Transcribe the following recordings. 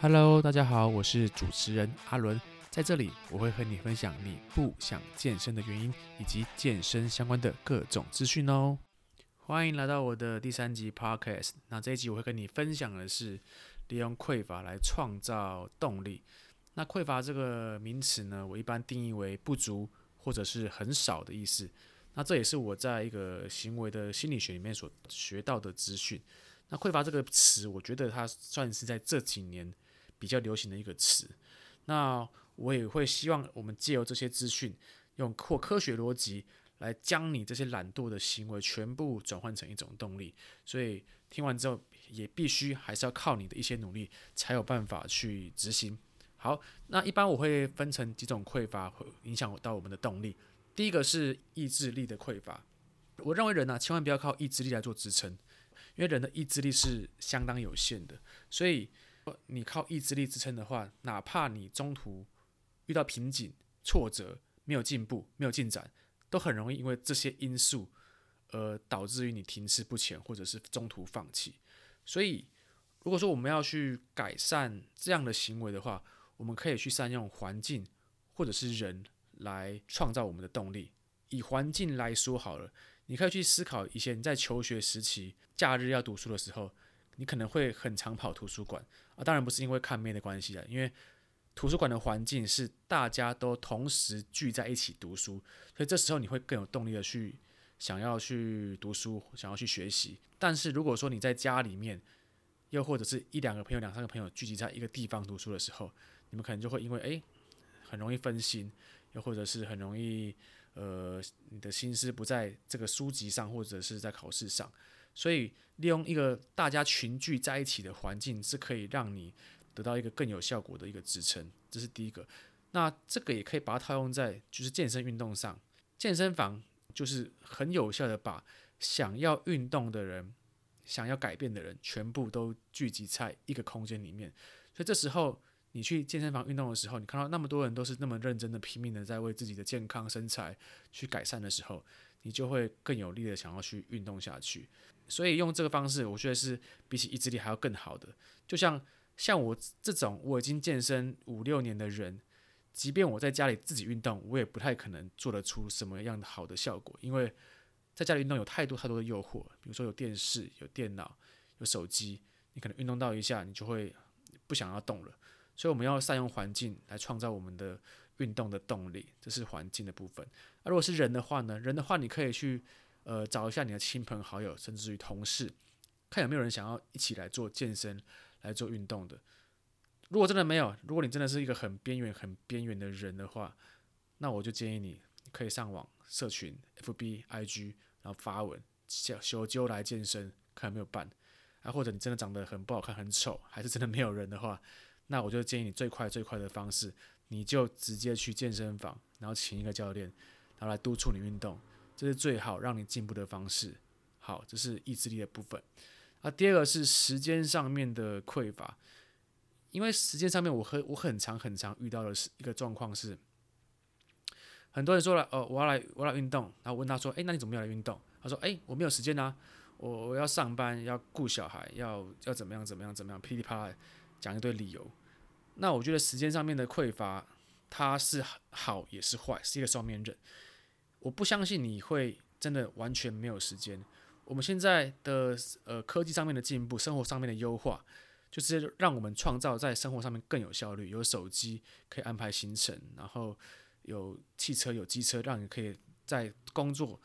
Hello，大家好，我是主持人阿倫，在這裡我會和你分享你不想健身的原因，以及健身相關的各種資訊哦。歡迎來到我的第三集 Podcast。那這一集我會跟你分享的是利用匱乏來創造動力。那匱乏這個名詞呢，我一般定義為不足或者是很少的意思。那這也是我在一個行為的心理學裡面所學到的資訊。那匱乏這個詞，我覺得它算是在這幾年。比較流行的一個詞，那我也會希望我們借由這些資訊，用或科學邏輯來將你這些懶惰的行為全部轉換成一種動力。所以聽完之後，也必須還是要靠你的一些努力，才有辦法去執行。好，那一般我會分成幾種匱乏會影響到我們的動力。第一個是意志力的匱乏，我認為人啊，千萬不要靠意志力來做支撐，因為人的意志力是相當有限的，所以。你靠意志力支撐的話，哪怕你中途遇到瓶頸、挫折，沒有進步、沒有進展，都很容易因為這些因素而導致於你停滯不前，或者是中途放棄。所以，如果說我們要去改善這樣的行為的話，我們可以去善用環境或者是人來創造我們的動力。以環境來說好了，你可以去思考以前你在求學時期、假日要讀書的時候。你可能會很常跑圖書館啊，當然不是因為看妹的關係啊，因為圖書館的環境是大家都同時聚在一起讀書，所以這時候你會更有動力的去想要去讀書，想要去學習。但是如果說你在家裡面，又或者是一兩個朋友、兩三個朋友聚集在一個地方讀書的時候，你們可能就會因為誒很容易分心，又或者是很容易呃，你的心思不在這個書籍上，或者是在考試上。所以，利用一個大家群聚在一起的環境，是可以讓你得到一個更有效果的一個支撐。這是第一個。那這個也可以把它套用在就是健身運動上。健身房就是很有效的把想要運動的人、想要改變的人，全部都聚集在一個空間裡面。所以這時候你去健身房運動的時候，你看到那麼多人都是那麼認真的、拼命的在為自己的健康身材去改善的時候，你就會更有力的想要去運動下去。所以用這個方式，我覺得是比起意志力還要更好的。就像像我這種我已經健身五六年的人，即便我在家裡自己運動，我也不太可能做得出什麼樣的好的效果，因為在家裡運動有太多太多的誘惑，比如說有電視、有電腦、有手機，你可能運動到一下，你就會不想要動了。所以我們要善用環境來創造我們的運動的動力，這是環境的部分。那如果是人的話呢？人的話，你可以去。呃，找一下你的親朋好友，甚至於同事，看有沒有人想要一起來做健身、來做運動的。如果真的沒有，如果你真的是一個很邊緣、很邊緣的人的話，那我就建議你可以上網社群、FB、IG，然後發文，小揪揪來健身，看有沒有伴。啊，或者你真的長得很不好看、很醜，還是真的沒有人的話，那我就建議你最快最快的方式，你就直接去健身房，然後請一個教練，然後來督促你運動。這是最好讓你進步的方式。好，這是意志力的部分。啊，第二個是時間上面的匱乏，因為時間上面，我很我很常很常遇到的是一個狀況是，很多人說了，哦、呃，我要來我要來運動。然後問他說，誒，那你怎麼沒有來運動？他說，誒，我沒有時間吶、啊，我我要上班，要顧小孩，要要怎麼樣怎麼樣怎麼樣，噼里啪啦講一堆理由。那我覺得時間上面的匱乏，它是好也是壞，是一個雙面刃。我不相信你會真的完全沒有時間。我們現在的呃科技上面的進步，生活上面的優化，就是讓我們創造在生活上面更有效率。有手機可以安排行程，然後有汽車、有機車，讓你可以在工作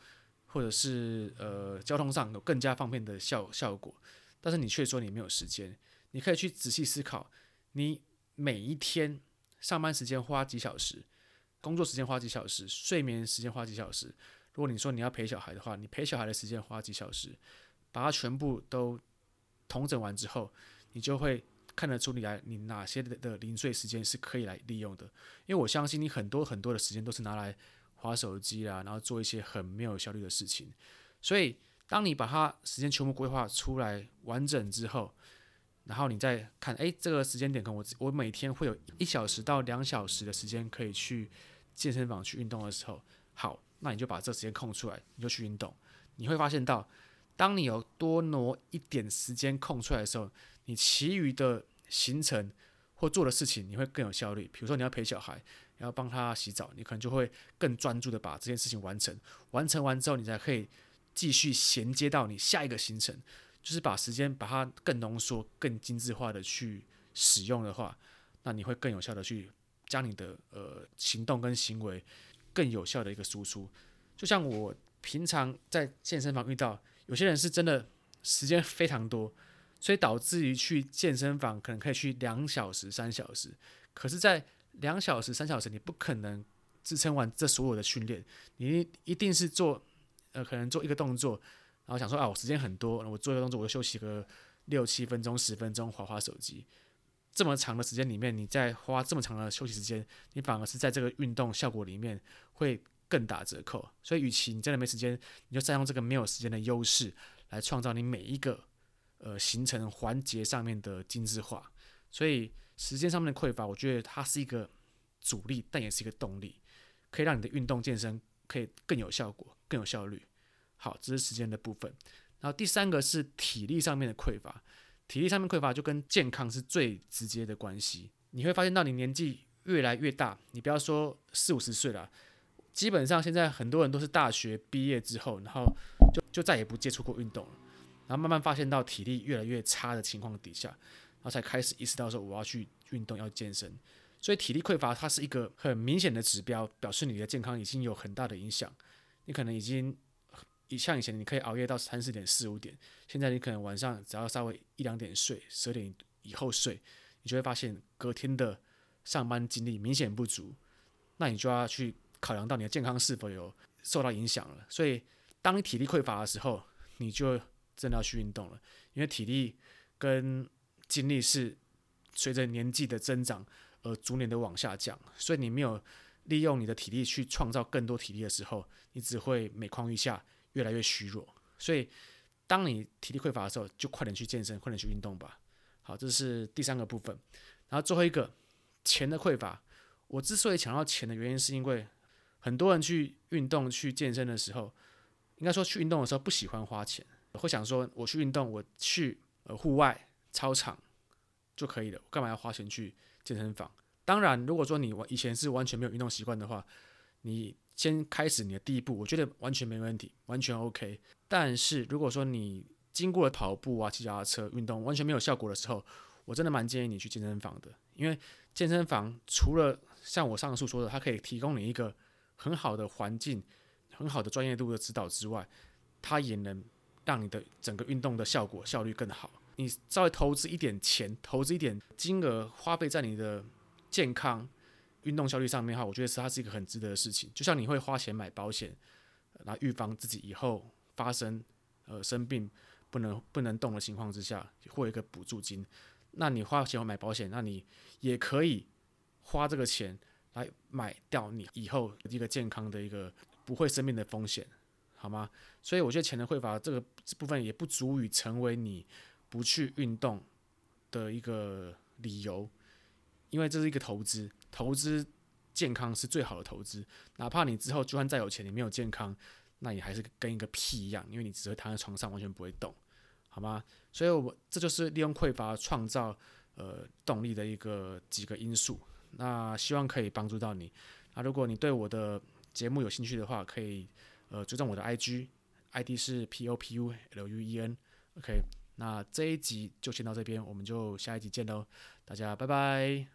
或者是呃交通上有更加方便的效效果。但是你卻說你沒有時間，你可以去仔細思考，你每一天上班時間花幾小時。工作時間花幾小時，睡眠時間花幾小時。如果你說你要陪小孩的話，你陪小孩的時間花幾小時，把它全部都統整完之後，你就會看得出你來你哪些的零碎時間是可以來利用的。因為我相信你很多很多的時間都是拿來滑手機啦，然後做一些很沒有效率的事情。所以，當你把它時間全部規劃出來完整之後，然後你再看，哎、欸，這個時間點，可能我我每天會有一小時到兩小時的時間可以去健身房去運動的時候，好，那你就把這時間空出來，你就去運動。你會發現到，當你有多挪一點時間空出來的時候，你其餘的行程或做的事情，你會更有效率。比如說你要陪小孩，你要幫他洗澡，你可能就會更專注的把這件事情完成。完成完之後，你才可以繼續銜接到你下一個行程。就是把時間把它更濃縮、更精緻化的去使用的話，那你會更有效的去。讓你的呃行動跟行為更有效的一個輸出，就像我平常在健身房遇到有些人是真的時間非常多，所以導致於去健身房可能可以去兩小時、三小時，可是，在兩小時、三小時你不可能支撐完這所有的訓練，你一定是做呃可能做一個動作，然後想說啊我時間很多，我做一個動作，我就休息個六七分鐘、十分鐘，滑滑手機。這麼長的時間裡面，你在花這麼長的休息時間，你反而是在這個運動效果裡面會更打折扣。所以，與其你真的沒時間，你就再用這個沒有時間的優勢來創造你每一個呃行程環節上面的精緻化。所以，時間上面的匱乏，我覺得它是一個阻力，但也是一個動力，可以讓你的運動健身可以更有效果、更有效率。好，這是時間的部分。然後第三個是體力上面的匱乏。體力上面匱乏，就跟健康是最直接的關係。你會發現到你年紀越來越大，你不要說四五十歲了，基本上現在很多人都是大學畢業之後，然後就就再也不接觸過運動了，然後慢慢發現到體力越來越差的情況底下，然後才開始意識到說我要去運動，要健身。所以體力匱乏，它是一個很明顯的指標，表示你的健康已經有很大的影響，你可能已經。像以前你可以熬夜到三四點四五點，現在你可能晚上只要稍微一兩點睡，十二點以後睡，你就會發現隔天的上班精力明顯不足，那你就要去考量到你的健康是否有受到影響了。所以，當你體力匱乏的時候，你就真的要去運動了，因為體力跟精力是隨着年紀的增長而逐年的往下降，所以你沒有利用你的體力去創造更多體力的時候，你只會每況愈下。越來越虛弱，所以當你體力匱乏的時候，就快點去健身，快點去運動吧。好，這是第三個部分。然後最後一個，錢的匱乏。我之所以想要錢的原因，是因為很多人去運動、去健身的時候，應該說去運動的時候不喜歡花錢，會想說我去運動，我去呃戶外操場就可以了，我幹嘛要花錢去健身房？當然，如果說你以前是完全沒有運動習慣的話。你先開始你的第一步，我覺得完全沒問題，完全 OK。但是如果說你經過了跑步啊、騎腳踏車運動完全沒有效果的時候，我真的蠻建議你去健身房的，因為健身房除了像我上述說的，它可以提供你一個很好的環境、很好的專業度的指導之外，它也能讓你的整個運動的效果效率更好。你稍微投資一點錢，投資一點金額花費在你的健康。運動效率上面的話，我覺得是它是一個很值得的事情。就像你會花錢買保險來預防自己以後發生呃生病不能不能動的情況之下，獲一個補助金。那你花錢買保險，那你也可以花這個錢來買掉你以後一個健康的一個不會生病的風險，好嗎？所以我覺得錢的匱乏這個部分也不足以成為你不去運動的一個理由，因為這是一個投資。投資健康是最好的投資，哪怕你之後就算再有錢，你沒有健康，那你還是跟一個屁一樣，因為你只會躺在床上，完全不會動，好嗎？所以，我這就是利用匱乏創造呃動力的一個幾個因素。那希望可以幫助到你。那如果你對我的節目有興趣的話，可以呃追蹤我的 IG，ID 是 P O P U L U E N。OK，那這一集就先到這邊，我們就下一集見嘍，大家拜拜。